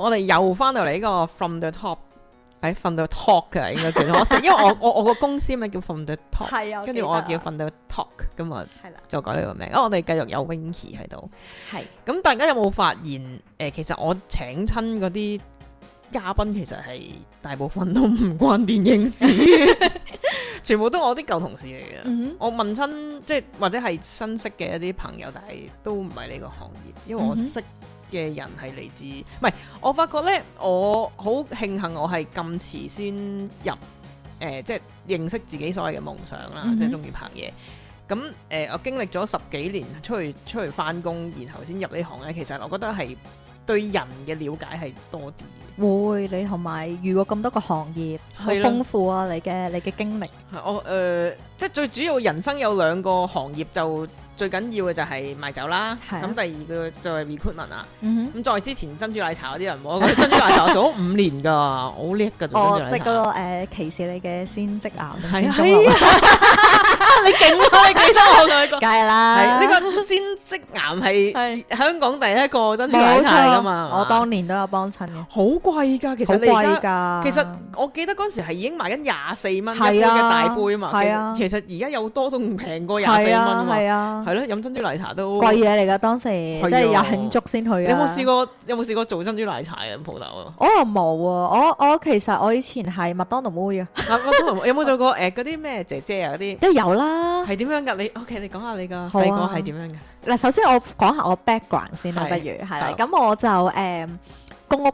我哋又翻到嚟呢個 From the top，誒、哎、From The Talk 嘅，應該叫做，因為我我我個公司名叫 From the top，係啊 的，跟住我叫 From The Talk 咁啊，係啦，又改呢個名。哦，我哋繼續有 Winky 喺度，係的。咁大家有冇發現？誒、呃，其實我請親嗰啲嘉賓，其實係大部分都唔關電影事， 全部都我啲舊同事嚟嘅。嗯、哼我問親，即係或者係新識嘅一啲朋友，但係都唔係呢個行業，因為我識、嗯。嘅人係嚟自，唔係我發覺呢，我好慶幸我係咁遲先入，誒、呃、即係認識自己所謂嘅夢想啦，嗯、哼即係中意拍嘢。咁誒、呃，我經歷咗十幾年出去出去返工，然後先入呢行呢，其實我覺得係對人嘅了解係多啲嘅。會你同埋遇過咁多個行業，去的豐富啊！你嘅你嘅經歷我誒、呃，即係最主要人生有兩個行業就。最緊要嘅就係賣酒啦，咁的第二個就係 recruitment 啊，咁再之前珍珠奶茶嗰啲人，嗯、哼我覺得珍珠奶茶做咗五年㗎，好叻㗎。哦我，就即係嗰、嗰個誒、呃、歧視你嘅先職啊，係啊。 你勁喎！記得我同你講，梗係啦，呢個鮮職巖係係香港第一個珍珠奶茶噶嘛，我當年都有幫襯嘅，好貴㗎，其實你而家其實我記得嗰陣時係已經賣緊廿四蚊一杯嘅大杯啊嘛，其實而家有多都唔平過廿四蚊啊嘛，係咯，飲珍珠奶茶都貴嘢嚟㗎，當時真係有慶祝先去。有冇試過？有冇試過做珍珠奶茶啊？鋪頭啊？哦，冇啊！我我其實我以前係麥當勞妹啊，麥當勞有冇做過誒嗰啲咩姐姐啊？嗰啲都有。啦，係點樣噶？你 OK，你講下你個細個係點樣噶？嗱，首先我講下我 background 先啦，不如係啦。咁是我就誒、呃、公屋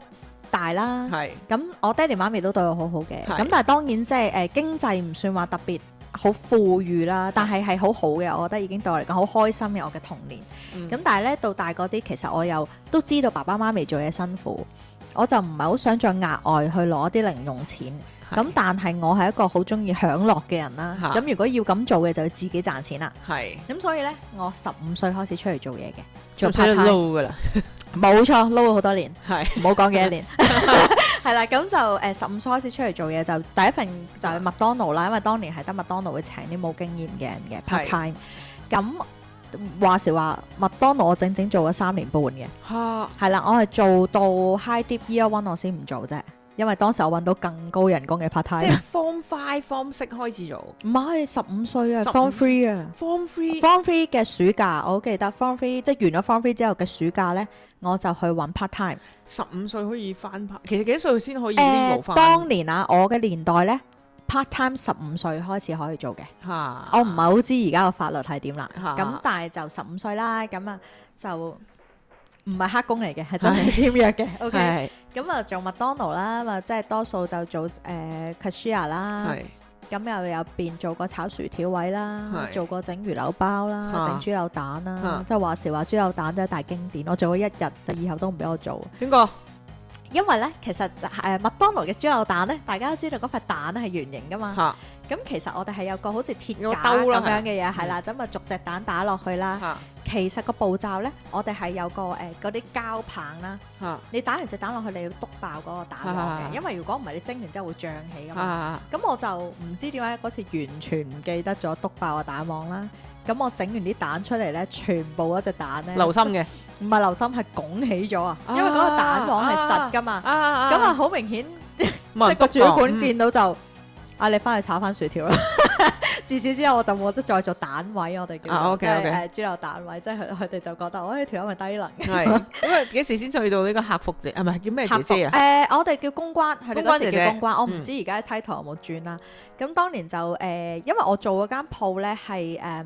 大啦，係咁是我爹哋媽咪都對我好好嘅。咁是但係當然即係誒經濟唔算話特別好富裕啦，但係係好好嘅。我覺得已經對我嚟講好開心嘅我嘅童年。咁、嗯、但係咧到大個啲，其實我又都知道爸爸媽咪做嘢辛苦，我就唔係好想再額外去攞啲零用錢。咁但係我係一個好中意享樂嘅人啦，咁、啊、如果要咁做嘅就要自己賺錢啦。係、啊，咁所以呢，我十五歲開始出嚟做嘢嘅，10 做 part time 冇錯，撈咗好 low 錯多年，係是，冇講幾多年，係 啦。咁就誒十五歲開始出嚟做嘢，就第一份就係麥當勞啦，因為當年係得麥當勞會請啲冇經驗嘅人嘅 part time。咁是話時話麥當勞我整整做咗三年半嘅，係、啊、啦，我係做到 high deep year one 我先唔做啫。因為當時我揾到更高人工嘅 part time，即係 form five、 form six 開始做，唔係十五歲啊，form three 啊，form three 嘅暑假，我記得 form three 即係完咗 form three 之後嘅暑假呢，我就去揾 part time。十五歲可以返 part，其實幾多歲先可以呢、呃？當年啊，我嘅年代呢 part time 十五歲開始可以做嘅， 我唔係好知而家嘅法律係點啦。咁 但係就十五歲啦，咁啊就唔係黑工嚟嘅，係真係簽約嘅。OK。咁啊，做麥當勞啦，即係多數就做誒 cashier 啦。咁、呃、是又入面做過炒薯條位啦，是做過整魚柳包啦，整、啊、豬柳蛋啦。啊、即係話時話豬柳蛋真係大經典，我做過一日，就以後都唔俾我做。邊個？因為咧，其實就係麥當勞嘅豬柳蛋咧，大家都知道嗰塊蛋係圓形噶嘛。咁、啊、其實我哋係有個好似鐵架咁樣嘅嘢，係啦，咁咪、嗯、逐隻蛋打落去啦。啊、其實個步驟咧，我哋係有個誒嗰啲膠棒啦。啊、你打完隻蛋落去，你要篤爆嗰個蛋黃嘅，啊、因為如果唔係你蒸完之後會脹起噶嘛。咁、啊啊、我就唔知點解嗰次完全唔記得咗篤爆個蛋黃啦。咁我整完啲蛋出嚟咧，全部嗰隻蛋咧，流心嘅，唔係流心，係拱起咗啊！因為嗰個蛋黃係實㗎嘛，咁啊好、啊、明顯，即係個主管見到就，啊你返去炒返薯條啦。 至少之後我就冇得再做蛋位，我哋叫即係豬柳蛋位，即係佢佢哋就覺得，哎，條友係低能嘅。係是，咁 幾時先再到呢個客服嘅？啊，咪叫咩？客服啊？誒、呃，我哋叫公關，係嗰時叫公關。我唔、哦、知而家 title 有冇轉啦、啊。咁當年就誒、呃，因為我做嗰間鋪咧係誒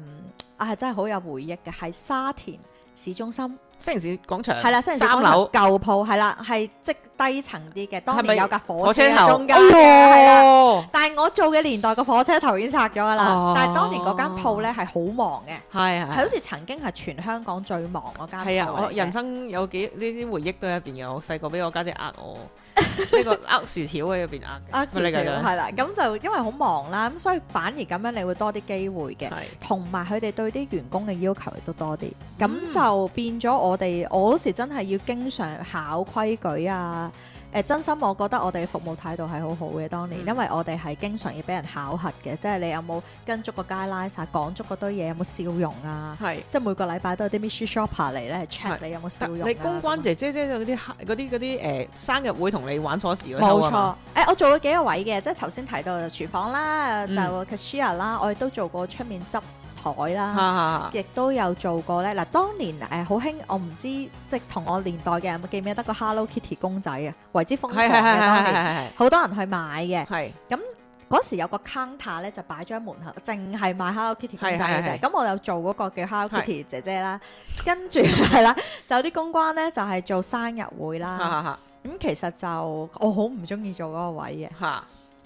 啊，真係好有回憶嘅，喺沙田市中心。新城市廣場係啦，新城市廣場舊鋪係啦，係即低層啲嘅。當年有架火車喺中間，係係呦，但係我做嘅年代個火車頭已經拆咗㗎啦。啊、但係當年嗰間鋪咧係好忙嘅，係係好似曾經係全香港最忙嗰間鋪嚟、啊、人生有幾呢啲回憶都喺入邊嘅。我細個俾我家姐呃我。呢 個握薯條喺入邊呃嘅，係啦，咁就因為好忙啦，咁所以反而咁樣你會多啲機會嘅，同埋佢哋對啲員工嘅要求亦都多啲，咁就變咗我哋，我嗰時真係要經常考規矩啊。誒，真心我覺得我哋服務態度係好好嘅，當年，因為我哋係經常要俾人考核嘅，嗯、即係你有冇跟足個 guideline，講足嗰堆嘢，有冇笑容啊？係是，即係每個禮拜都有啲 mystery shopper 嚟咧 check 是你有冇笑容啊。你公關姐姐即係嗰啲啲啲誒生日會同你玩鎖匙，冇錯。誒錯、嗯，我做咗幾個位嘅，即係頭先提到廚房啦，就係、cashier 啦，我亦都做過出面執海啦，亦都有做過咧。嗱，當年誒好興，我唔知即係同我年代嘅人記唔記得個 Hello Kitty 公仔啊，為之瘋狂嘅當年，好多人去買嘅。係咁嗰時有個 counter 咧，就擺張門口，淨係賣 Hello Kitty 公仔嘅啫。咁我有做嗰個叫 Hello Kitty 姐姐啦，跟住係啦，就有啲公關咧就係做生日會啦。咁其實就我好唔中意做嗰個位嘅。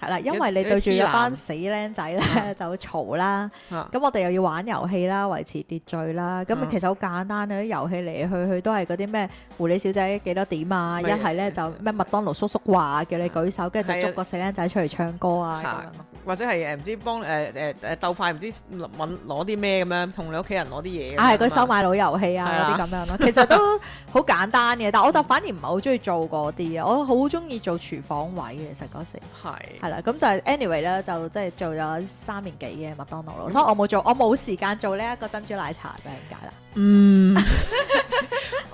係啦，因為你對住一班死僆仔咧，男 就嘈啦吵。咁、啊、我哋又要玩遊戲啦，維持秩序啦。咁其實好簡單啊！啲遊戲嚟嚟去去都係嗰啲咩狐狸小姐幾多點啊？一係咧就咩麥當勞叔叔話、啊、叫你舉手，跟住的就捉個死僆仔出嚟唱歌啊的樣或者係誒唔知幫誒誒誒鬥快唔知揾攞啲咩咁樣，同你屋企人攞啲嘢。係佢收買佬遊戲啊，嗰啲咁樣咯，其實都好簡單嘅。 但我就反而唔係好中意做嗰啲啊，我好中意做廚房位嘅。其實嗰時係係啦，咁是就係 anyway 咧，就即係做咗三年幾嘅麥當勞咯。嗯、所以我冇做，我冇時間做呢一個珍珠奶茶就係點解啦？嗯，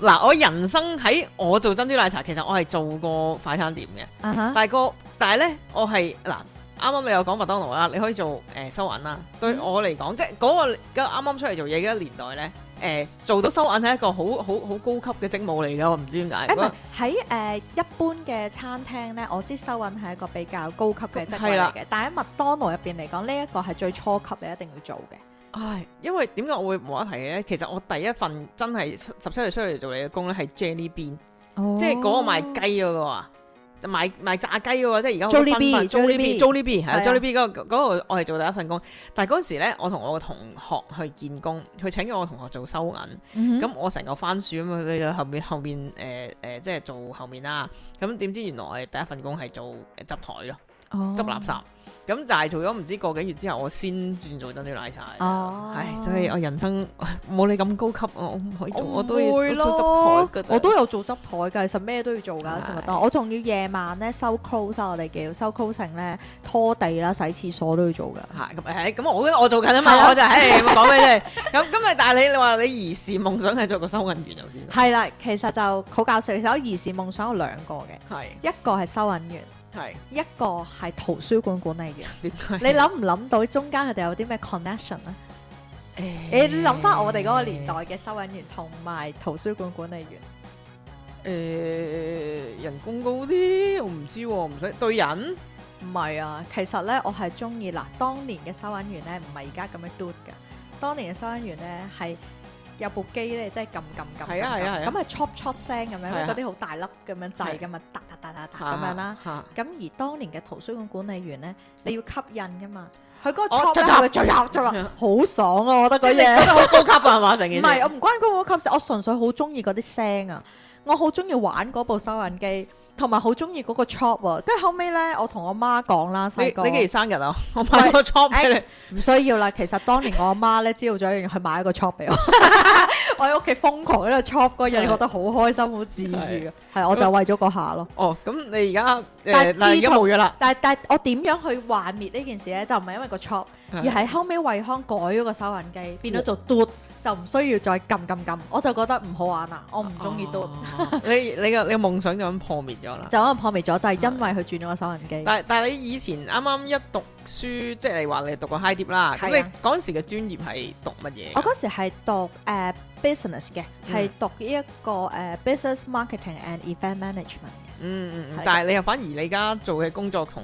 嗱， 我人生喺我做珍珠奶茶，其實我係做過快餐店嘅。大哥、uh huh. 那個，但係咧，我係嗱。啱啱你有講麥當勞啦，你可以做誒、呃、收銀啦。對我嚟講，嗯、即係嗰、那個啱啱出嚟做嘢嘅年代咧，誒、呃、做到收銀係一個好好好高級嘅職務嚟㗎，我唔知點解。喺誒、欸呃、一般嘅餐廳咧，我知收銀係一個比較高級嘅職位嚟嘅。係啦、嗯。但喺麥當勞入邊嚟講，呢、這、一個係最初級你一定要做嘅。唉，因為點解我會無得提咧？其實我第一份真係十七歲出嚟做你嘅工咧，係 Jollibee 呢邊，即係嗰個賣雞嗰個啊。買買炸雞喎，即係而家好分發。Jollibee，Jollibee，Jollibee 嗰個我係做第一份工。但係嗰陣時咧，我同我個同學去見工，佢請咗我同學做收銀。咁、mm hmm. 我成嚿番薯啊嘛，佢喺後面後面誒誒、呃呃，即係做後面啦。咁點知原來我第一份工係做執台咯，oh. 執垃圾。咁就係做咗唔知個幾月之後，我先轉做珍珠奶茶。啊，唉，所以我人生冇你咁高級，我唔可以做，我，會我都要做執台，我都有做執台嘅，其實咩都要做噶，的食物當。我仲要夜晚咧收 close 我哋叫收 closing 咧拖地啦、洗廁所都要做噶。係咁，咁我我做緊啊嘛，的我就係咁講俾你。咁咁誒，但係你你話你兒時夢想係做個收銀員就，又先。係啦，其實就好搞笑。其實我兒時夢想有兩個嘅，係的的一個係收銀員。係一個係圖書館管理員，你諗唔諗到中間佢哋有啲咩 connection 咧？誒，你諗翻我哋嗰個年代嘅收銀員同埋圖書館管理員，誒，人工高啲，我唔知，唔使對人。唔係啊，其實咧我係中意嗱，當年嘅收銀員咧唔係而家咁樣 do 噶，當年嘅收銀員咧係有部機咧，即係撳撳撳，係係係，咁啊 chop chop 聲咁樣，嗰啲好大粒咁樣掣噶嘛，大。咁樣啦，咁、啊、而當年嘅圖書館管理員咧，你要吸引㗎嘛？佢嗰個桌頭仲話好爽啊！我覺得佢樣，好高級 啊嘛，成件事，唔係，我唔關高唔高級事，我純粹好中意嗰啲聲啊。我好中意玩嗰部收銀機，同埋好中意嗰個 chop。跟住後尾咧，我同我媽講啦，細個你幾月生日啊？我買個 chop 俾你。唔需要啦，其實當年我阿媽咧，知道咗一樣嘢，去買一個 chop 俾我，我喺屋企瘋狂喺度 chop 嗰日，覺得好開心，好治愈。係，我就為咗嗰下咯。哦，咁你而家誒，但係已經冇咗啦。但係但係，我點樣去幻滅呢件事咧？就唔係因為個 chop，而係後尾惠康改咗個收銀機，變咗做嘟。就唔需要再撳撳撳，我就覺得唔好玩啦，我唔中意都不 你。你你個你個夢想就咁破滅咗啦。就咁破滅咗，就係因為佢轉咗個收銀機。但係但係你以前啱啱一讀書，即係你話你讀個 high dip 啦，咁的你嗰陣時嘅專業係讀乜嘢？我嗰時係讀、uh, business 嘅，係讀呢、這、一個誒、uh, business marketing and event management 嘅、嗯。嗯嗯，的但係你又反而你而家做嘅工作同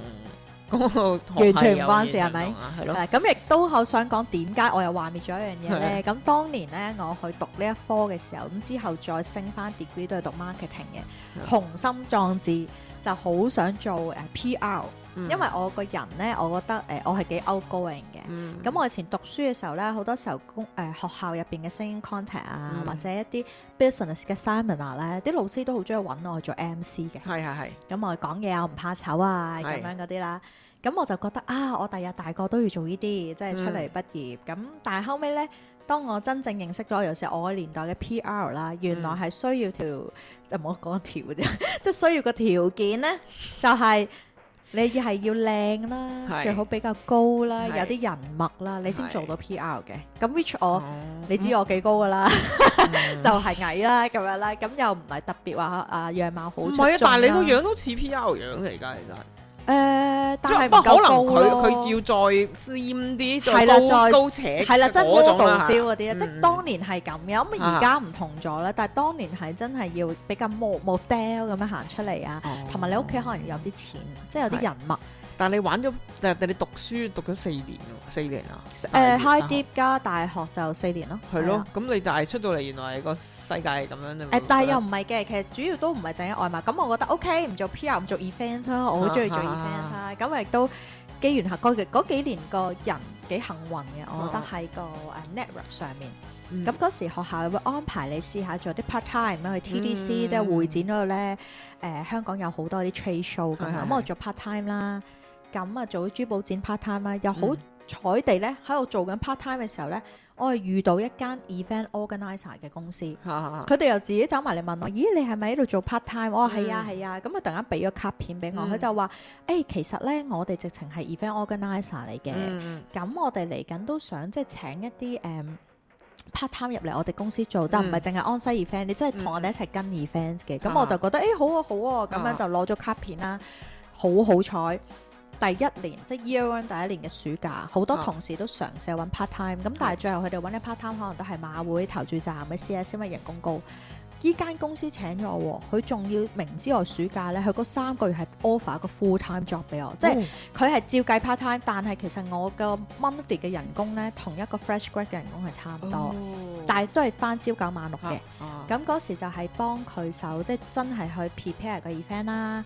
完全唔關事係咪？係咯、嗯，咁亦都好想講點解我又幻滅咗一樣嘢咧？咁對 當年咧我去讀呢一科嘅時候，咁之後再升翻 degree 都係讀 marketing 嘅，雄心壯志就好想做誒、uh, PR。因為我個人呢，我覺得誒、呃，我係幾 outgoing 嘅。咁、嗯、我以前讀書嘅時候呢，好多時候公、呃、學校入邊嘅 speech contest 啊，嗯、或者一啲 business 嘅 seminar 呢，啲老師都好中意揾我做 MC 嘅。係係係。咁我講嘢啊，我唔怕醜啊，咁樣嗰啲啦。咁是我就覺得啊，我第日大個都要做呢啲，即、就、係、是、出嚟畢業。咁、嗯、但係後尾呢，當我真正認識咗，尤其是我個年代嘅 PR 啦，原來係需要條、嗯、就冇講條啫，即 係需要個條件呢，就係、是。你係要靚啦，是最好比較高啦，是有啲人脈啦，你先做到 PR 嘅。咁是 which 我、嗯，你知我幾高噶啦，嗯、 就係矮啦咁樣啦。咁又唔係特別話啊樣貌好，唔係啊，但係你個樣都似 PR 樣嚟噶，Okay. 其實。誒，但係唔夠高喎，佢要再尖啲，再高高斜，係啦，即係過度啲啊！即係當年係咁嘅，咁而家唔同咗啦。但係當年係真係要比較 model 咁樣行出嚟啊，同埋你屋企可能要有啲錢，即係有啲人物。但你玩咗，但係你讀書讀咗四年喎，四年啊？誒，high dip 加大學就四年咯。係咯，咁你就係出到嚟，原來係個世界係咁樣啫嘛。誒，但係又唔係嘅，其實主要都唔係凈係外賣。咁我覺得 OK，唔做 PR 唔做 event 啦，我好中意做 event 啦。咁亦都機緣下嗰幾年個人幾幸運嘅，我覺得喺個 network 上面。咁嗰時學校會安排你試下做啲 part time，咁去 TDC 即係會展嗰度咧。誒，香港有好多啲 trade show 咁，咁我做 part time 啦。咁啊，做咗珠寶展 part time 啦，又好彩地咧喺度做緊 part time 嘅時候咧，我係遇到一間 event organizer 嘅公司，佢哋 又自己走埋嚟問我，咦，你係咪喺度做 part time？我話係啊係啊，咁啊 突然間俾個卡片俾我，佢 就話誒、哎，其實咧我哋直情係 event organizer 嚟嘅，咁 我哋嚟緊都想即係、就是、請一啲誒、um, part time 入嚟我哋公司做，就唔係淨係 on site event， 你真係同我哋一齊跟 event 嘅，咁我就覺得誒好啊好啊，咁、啊啊、樣就攞咗卡片啦，好好彩。第一年即係、就是、year one 第一年嘅暑假，好多同事都嘗試揾 part time，咁但係最後佢哋揾 part time 可能都係馬會投注站嘅 CS 因為人工高。依間公司請咗我，佢仲要明知我暑假呢，佢嗰三個月係 offer 個 full time job 俾我，即係佢係照計 part time，但係其實我個 monthly 嘅人工呢，同一個 fresh grad 嘅人工係差唔多，oh. 但係都係返朝九晚六嘅。咁嗰、oh. 時就係幫佢手，即、就、係、是、真係去 prepare 個 event 啦。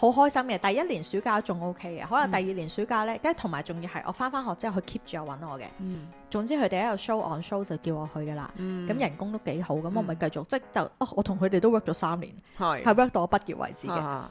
好開心嘅，第一年暑假仲 OK 嘅，可能第二年暑假咧，跟住同埋仲要係我翻返學之後，佢 keep 住有揾我嘅。嗯，總之佢哋喺度 show on show 就叫我去㗎喇。嗯，咁人工都幾好，咁、嗯、我咪繼續、嗯、即就哦、啊，我同佢哋都 work 咗三年，係係是 work 到我畢業為止嘅。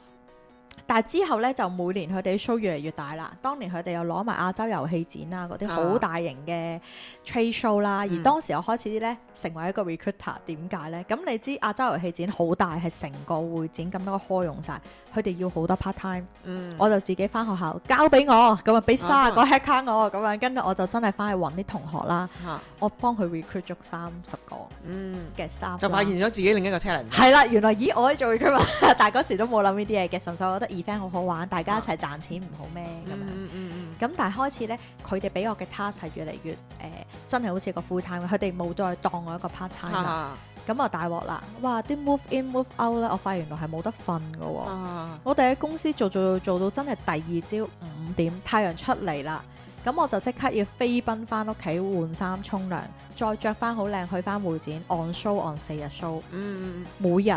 但係之後咧，就每年佢哋 show 越嚟越大啦。當年佢哋又攞埋亞洲遊戲展啊嗰啲好大型嘅 trade show 啦，啊嗯、而當時我開始咧成為一個 recruiter，點解咧？咁你知亞洲遊戲展好大，係成個會展咁多 hall 用晒。佢哋要好多 part time、嗯。我就自己返學校交俾我，咁啊俾卅個 headcount 我，咁樣跟住我就真係返去揾啲同學啦。啊、我幫佢 recruit 咗三十個 aff，嗯，嗯嘅 staff 就發現咗自己另一個 talent。係啦，原來咦我喺做 recruiter，但係嗰時都冇諗呢啲嘢嘅，純粹覺得。Event 好好玩，大家一齊賺錢唔好咩咁樣？咁、嗯嗯嗯、但係開始咧，佢哋俾我嘅 task 係越嚟越誒、呃，真係好似個 full time。佢哋冇再當我一個 part time 啦、啊。咁啊大鑊啦！哇，啲 move in move out 咧，我發現原來係冇得瞓嘅。啊、我哋喺公司做做做，做到真係第二朝五點，太陽出嚟啦。咁我就即刻要飛奔翻屋企換衫沖涼，再着翻好靚去翻會展 on show on 四日 show，、嗯嗯、每日。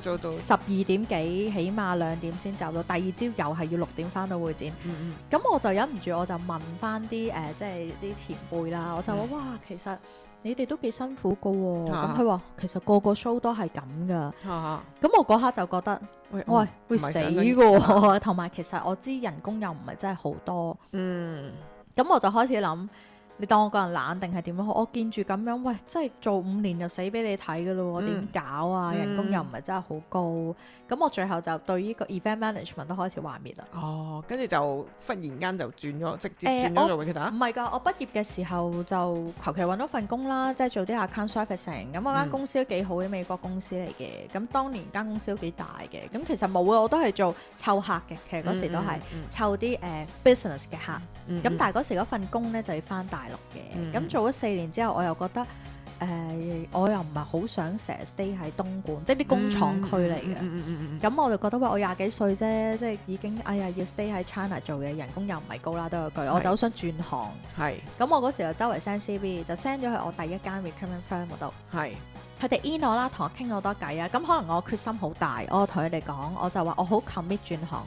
十二點幾，起碼兩點先走到。第二朝又係要六點翻到會展。咁、嗯嗯、我就忍唔住，我就問翻啲誒，即係啲前輩啦。我就話：，嗯、哇，其實你哋都幾辛苦噶、哦。咁佢話：，其實個個 show 都係咁噶。咁、啊、我嗰刻就覺得，喂，會喂不死噶、哦。同埋，其實 我知人工又唔係真係好多。嗯，咁我就開始諗。你當我個人懶定係點樣？我見住咁樣，喂，真係做五年就死俾你睇嘅咯，點搞啊？人工又唔係真係好高，咁我最後就對呢個 event management 都開始幻滅啦。哦，跟住就忽然間就轉咗，直接唔係㗎，我畢業嘅時候就求其揾咗份工啦，即係做啲 account servicing。咁我間公司都幾好嘅，美國公司嚟嘅。咁當年間公司都幾大嘅，咁其實冇啊，我都係做湊客嘅。其實嗰時都係湊啲誒 business 嘅客。咁但係嗰時嗰份工呢，就要翻大大陸嘅，咁、嗯、做咗四年之後，我又覺得，誒、呃，我又唔係好想成日 stay 喺東莞，即係啲工廠區嚟嘅。咁、嗯嗯嗯嗯、我就覺得，喂、呃，我廿幾歲啫，即係已經，哎呀，要 stay 喺 China 做嘢，人工又唔係高啦，都有句。是我就好想轉行，係是。咁我嗰時候就周圍 send cv，就 send 咗去我第一間 recruitment firm 嗰度。係是。佢哋 in 我啦，同我傾好多偈啊。咁可能我決心好大，我同佢哋講，我就話我好 commit 轉行。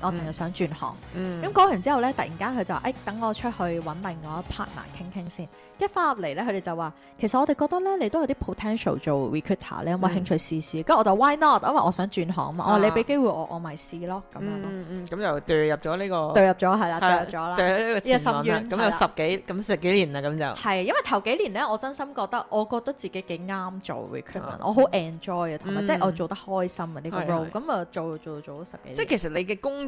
我淨係想轉行，咁講完之後咧，突然間佢就誒等我出去揾另外一 partner 傾傾先。一返入嚟咧，佢哋就話：其實我哋覺得咧，你都有啲 potential 做 recruiter，你有冇興趣試試？跟住我就 Why not？因為我想轉行啊嘛。我話你俾機會我，我咪試咯咁樣咯。咁就墮入咗呢個墮入咗係啦，墮入咗啦。墮喺呢個深淵咁，有十幾咁十幾年啦咁就。係因為頭幾年咧，我真心覺得我覺得自己幾啱做 recruitment，我好 enjoy 啊，同埋即係我做得開心啊，呢個 role。咁啊做做做咗十幾，即係其實你嘅工。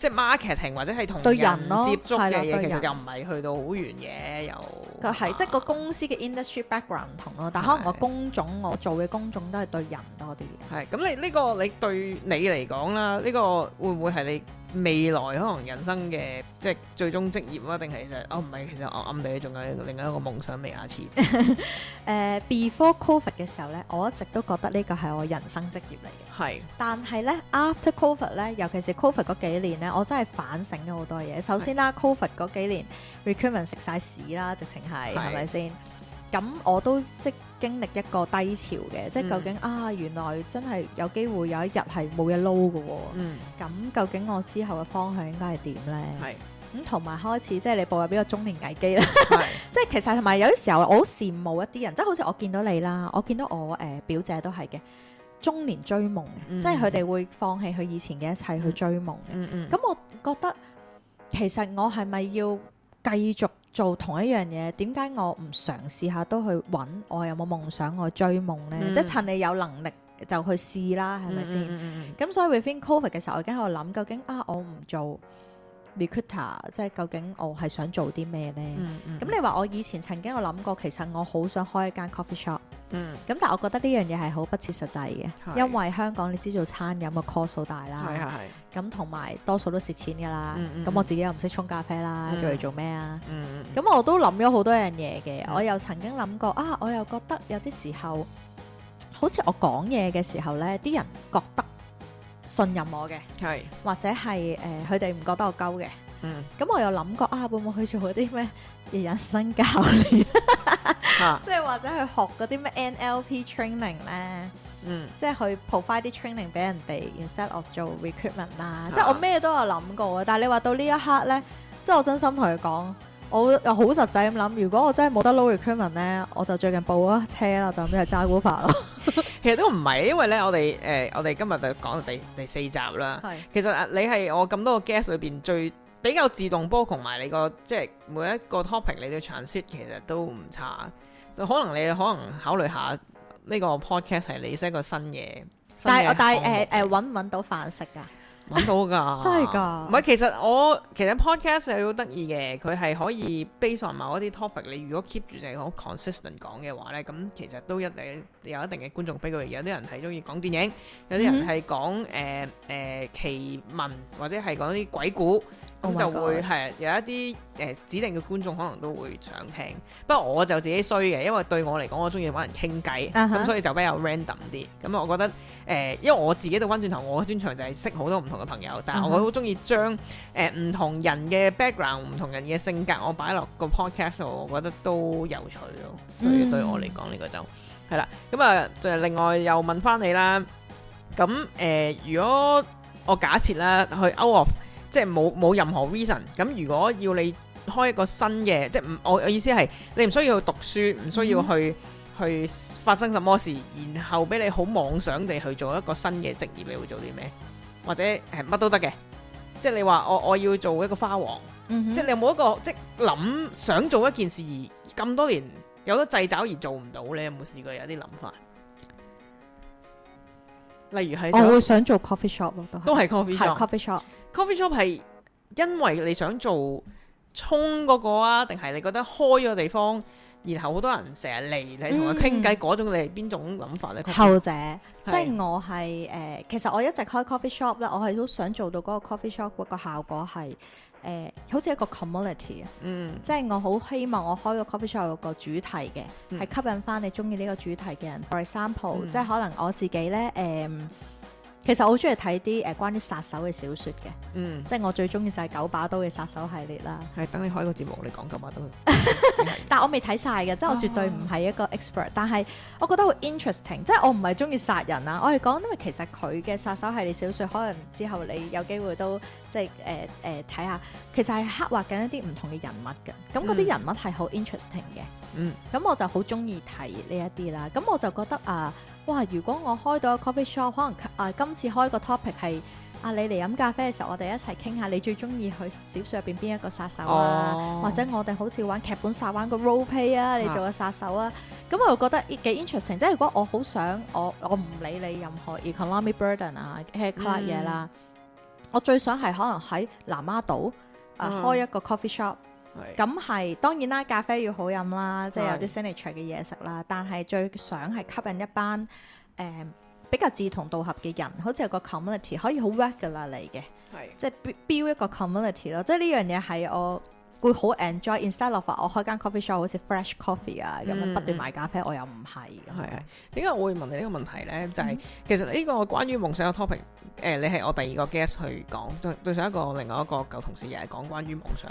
即係 marketing 或者係同人咯接觸嘅嘢，其實又唔係去到好遠嘅，人又係、就是啊、即係個公司嘅 industry background 唔同咯。但可能個工種是我做嘅工種都係對人多啲嘅。係咁，你呢、這個你對你嚟講啦，呢、這個會唔會係你未來可能人生嘅即係最終職業啊？定係其實我唔係其實我暗地仲有另一個夢想未達成。誒 before COVID 嘅時候咧，我一直都覺得呢個係我人生職業嚟嘅。係是，但係咧，after COVID 咧，尤其是 COVID 嗰幾年咧。我真係反省咗好多嘢。首先啦是，Covid 嗰幾年，recruitment 食晒屎啦，直情係，係咪先？咁我都即係經歷一個低潮嘅，即係究竟、嗯、啊，原來真係有機會有一日係冇嘢撈㗎喎。嗯，咁究竟我之後嘅方向應該係點呢？係咁同埋開始，即係你步入呢個中年危機啦。是 即係其實同埋有啲時候，我好羨慕一啲人，即係好似我見到你啦，我見到我誒、呃、表姐都係嘅。中年追夢嘅，嗯、即係佢哋會放棄佢以前嘅一切去追夢嘅。咁、嗯嗯、我覺得其實我係咪要繼續做同一樣嘢？點解我唔嘗試下都去揾我有冇夢想我追夢呢？嗯、即係趁你有能力就去試啦，係咪先？咁、嗯嗯嗯、所以 within COVID 嘅時候，我已經喺度諗究竟啊，我唔做。Recruiter，即係究竟我係想做啲咩呢？咁、嗯嗯、你話我以前曾經有諗過，其實我好想開一間 coffee shop。咁、嗯、但係我覺得呢樣嘢係好不切實際嘅，是因為香港你知道做餐飲嘅 cost 大啦，係咁同埋多數都蝕錢噶啦，咁、嗯嗯、我自己又唔識沖咖啡啦，嗯、做嚟做咩啊？咁、嗯嗯嗯、我都諗咗好多樣嘢嘅，我又曾經諗過啊，我又覺得有啲時候，好似我講嘢嘅時候呢，啲人，家人家覺得。信任我嘅。是或者係誒佢哋唔覺得我鳩嘅，咁、嗯、我又諗過啊，會唔會去做啲咩人生教練？即 係、啊、或者去學嗰啲咩 NLP training 咧？嗯，即係去 provide 啲 training 俾人哋，instead of 做 recruitment 啦、啊啊。即係我咩都有諗過啊，但係你話到呢一刻咧，即係我真心同佢講，我又好實際咁諗，如果我真係冇得撈 recruitment 咧，我就最近報咗車啦，就變係揸 Uber 咯。 其實都唔係，因為咧、呃，我哋誒我哋今日就講到第第四集啦。係是，其實、啊、你係我咁多個 guest 裏邊最比較自動波，同埋你個即係每一個 topic 你嘅 transit 其實都唔差。就可能你可能考慮下呢個 podcast 係你識個新嘢但，但係但係誒誒揾唔揾到飯食㗎？揾到㗎， 真係㗎嗎。唔係，其實我其實 podcast 係好得意嘅，佢係可以 base on 某一啲 topic。你如果 keep 住就係好 consistent 講嘅話咧，咁其實都一定有一定嘅觀眾 base 嘅。有啲人係中意講電影，有啲人係講誒誒奇聞，或者係講啲鬼故。我就會係、oh、my 有一啲誒、呃、指定嘅觀眾，可能都會想聽。不過我就自己衰嘅，因為對我嚟講，我中意揾人傾偈，咁、uh huh. 所以就比較 random 啲。咁、嗯、我覺得誒、呃，因為我自己倒翻轉頭，我專長就係識好多唔同嘅朋友，但係我好中意將誒唔同人嘅 background、唔同人嘅性格，我擺落個 podcast，我覺得都有趣咯。Uh huh. 所以對我嚟講，呢個就係啦。咁、huh. 啊，就、嗯、另外又問翻你啦。咁誒、呃，如果我假設啦，去 out of 即係冇冇任何 reason 咁。如果要你開一個新嘅，即係唔我我意思係你唔需，需要去讀書，唔需要去去發生什麼事，然後俾你好妄想地去做一個新嘅職業，你會做啲咩？或者誒乜都得嘅，即係你話我我要做一個花王，嗯、哼即係你有冇一個即係諗想，想做一件事而咁多年有得掣肘而做唔到？你有冇試過有啲諗法？例如係，我會想做 coffee shop 咯，都係，都係 coffee shop，coffee shop，coffee shop 係因為你想做沖嗰個啊？定係你覺得開個地方，然後好多人成日嚟你同佢傾偈嗰種，你係邊種諗法咧？嗯、後者，是即係我係誒、呃，其實我一直開 coffee shop 咧，我係都想做到嗰個 coffee shop 嗰個效果係。誒，uh, 好似一個 community 啊，mm. 即係我好希望我開個 coffee shop 有個主題嘅，係、mm. 吸引翻你中意呢個主題嘅人。For example，mm. 即係可能我自己咧誒。Uh, 其實我好中意睇啲誒，關於殺手嘅小說嘅，嗯，即係我最中意就係九把刀嘅殺手系列啦。係，等你開個節目你講九把刀， 但我未睇晒嘅，哦、即係我絕對唔係一個 expert，但係我覺得好 interesting，即係我唔係中意殺人啊，我係講，因為其實佢嘅殺手系列小說，可能之後你有機會都即係誒誒睇下，其實係刻畫緊一啲唔同嘅人物嘅，咁嗰啲人物係好 interesting 嘅，嗯，咁我就好中意睇呢一啲啦，咁我就覺得啊。呃哇！如果我開到個 coffee shop，可能啊、呃、今次開個 topic 係啊，你嚟飲咖啡嘅時候，我哋一齊傾下你最中意去小説入邊邊一個殺手啊，哦、或者我哋好似玩劇本殺玩個 role play 啊，你做個殺手啊，咁、嗯、我又覺得幾 interesting。即係如果我好想我我唔理你任何 economic burden 啊，其他嘢啦，我最想係可能喺南丫島啊開一個 coffee shop。嗯嗯咁係當然啦，咖啡要好飲啦，即係有啲 signature 嘅嘢食啦。是但係最想係吸引一班誒、呃、比較志同道合嘅人，好似有個 community 可以好 regular 嚟嘅，係即係 build 一個 community 咯。即係呢樣嘢係我。會好 enjoy，instead of 我開間 coffee shop 好似 fresh coffee 啊，咁樣不斷賣咖啡，嗯、我又唔係。係係。點解我會問你呢個問題呢？就係、是、其實呢個關於夢想嘅 topic，誒、呃，你係我第二個 guest 去講，對上一個另外一個舊同事又係講關於夢想。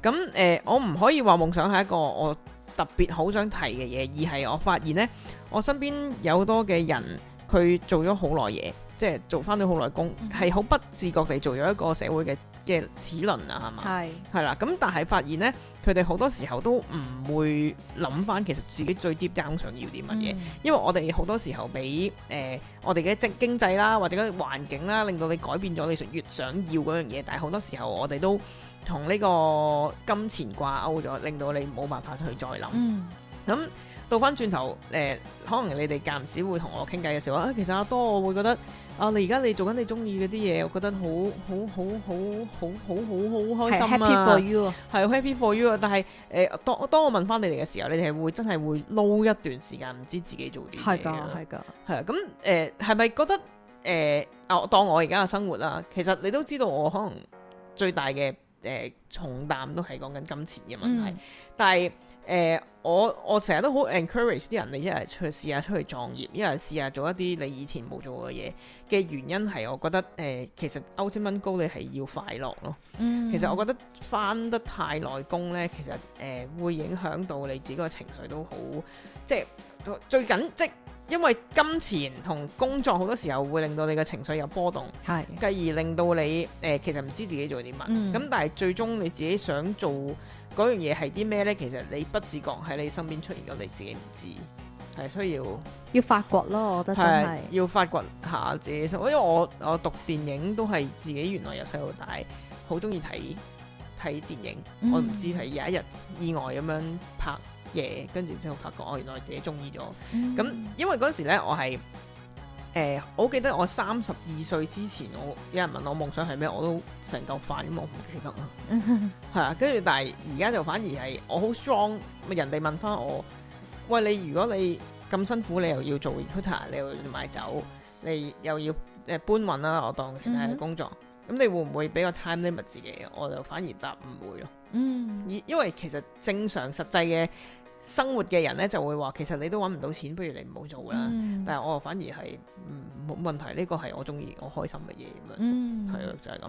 咁誒、呃，我唔可以話夢想係一個我特別好想提嘅嘢，而係我發現呢，我身邊有好多嘅人，佢做咗好耐嘢，即係做返咗好耐工，係好、嗯、不自覺地做咗一個社會嘅嘅齒輪啊，係嘛？係係啦，咁但係發現呢，佢哋好多時候都唔會諗翻其實自己最 deep down 想要啲乜嘢，嗯、因為我哋好多時候俾誒、呃、我哋嘅即經濟啦，或者啲環境啦，令到你改變咗，你越想要嗰樣嘢，但係好多時候我哋都同呢個金錢掛鈎咗，令到你冇辦法去再諗。咁、嗯嗯、到翻轉頭誒、呃，可能你哋暫時會同我傾偈嘅時候、哎、其實阿多我會覺得。啊！你而家你做緊你中意嗰啲嘢，我覺得好好好好好好好好好開心啊！係 Happy for you，係 Happy for you。For you，但係誒、呃，當當我問翻你哋嘅時候，你哋係會真係會撈一段時間，唔知自己做啲嘢嘅。係噶，係噶。係啊，咁誒係咪覺得誒？我、呃、當我而家嘅生活啦，其實你都知道我可能最大嘅誒、呃、重擔都係講緊金錢嘅問題，嗯、但係。誒、呃、我我成日都好 encourage 啲人你一係出去試下出去創業，一係試下做一啲你以前冇做過嘅嘢嘅原因係，我覺得誒、呃、其實 ultimate goal 你係要快樂咯。嗯，其實我覺得返得太耐工咧，其實誒、呃、會影響到你自己個情緒都好，即係最緊即。因為金錢同工作好多時候會令到你嘅情緒有波動，係的，繼而令到你誒、呃、其實唔知自己做啲乜，咁、嗯、但係最終你自己想做嗰樣嘢係啲咩呢？其實你不自覺喺你身邊出現咗，你自己唔知，係需要要發掘咯，我覺得係要發掘下自己身。因為我我讀電影都係自己原來由細到大好中意睇睇電影，嗯、我唔知係有一日意外咁樣拍嘢，跟住之後發覺，我原來自己中意咗。咁因為嗰時呢，我係誒，我記得我三十二歲之前，我有人問我夢想係咩，我都成嚿飯咁，我唔記得啦。係啊，跟住但係而家就反而係我好 strong，人哋問翻我，喂，你如果你咁辛苦，你又要做 retailer，你又要賣酒，你又要搬運啦，我當其他嘅工作，咁你會唔會俾個 time limit 自己、mm？我就反而答唔會咯。嗯，因為其實正常實際嘅。生活嘅人咧就會話，其實你都揾唔到錢，不如你唔好做啦。嗯、但係我反而係唔冇問題，呢個係我中意我開心嘅嘢咁樣。嗯，係啊，就係咁，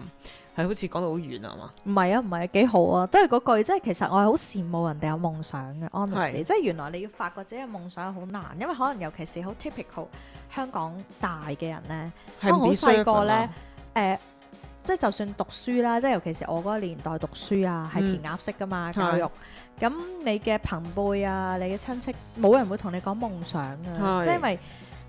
係好似講到好遠啊嘛。唔係啊，唔係啊，幾好啊，都係嗰句，即係其實我係好羨慕人哋有夢想嘅 a 即係原來你要發覺自己嘅夢想好難，因為可能尤其是好 typical 香港大嘅人咧，當好細個咧，誒。呃即係就算讀書啦，即係尤其是我嗰個年代讀書啊，係填鴨式噶嘛教育。咁、嗯、你嘅朋輩啊，你嘅親戚，冇人會同你講夢想㗎，是即係因為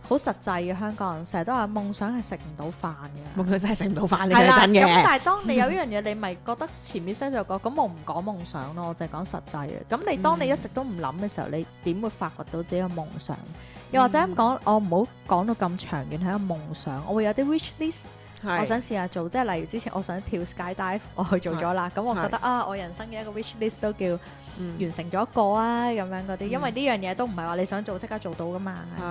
好實際嘅香港人成日都話夢想係食唔到飯嘅。夢想真係食唔到飯，呢係真嘅。咁、啊、但係當你有依樣嘢，你咪覺得前面先就講，咁 我唔講夢想咯，我就講實際嘅。咁你當你一直都唔諗嘅時候，嗯、你點會發掘到自己嘅夢想？又或者咁講，我唔好講到咁長遠係一個夢想，我會有啲 wish list。 我想試下做，即係例如之前我想跳 sky dive，我去做咗啦，咁是我覺得是啊，我人生嘅一個 wish list 都叫完成咗一個啊，咁、嗯、樣嗰啲，因為呢樣嘢都唔係話你想做即刻做到噶嘛。係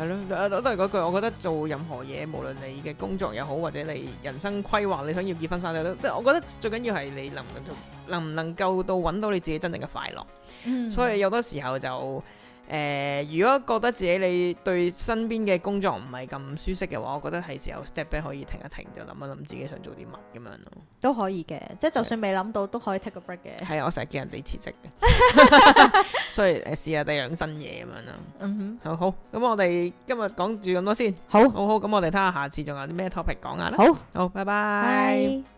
係係咯，都係嗰句，我覺得做任何嘢，無論你嘅工作又好，或者你人生規劃，你想要結婚生仔都，即係我覺得最緊要係你能做能唔能夠到揾到你自己真正嘅快樂。嗯、所以有好多時候就。誒、呃，如果覺得自己你對身邊嘅工作唔係咁舒適嘅話，我覺得係時候 step 咧可以停一停，就諗一諗自己想做啲乜咁樣咯，都可以嘅，即係就算未諗到對都可以 take 個 break 嘅。係啊，我成日見人哋辭職嘅， 所以誒試下第樣新嘢咁樣咯。嗯，哼，好好，好，好好，咁我哋今日講住咁多先，好，好好咁我哋睇下下次仲有啲咩 topic 講下啦。好，好，拜拜。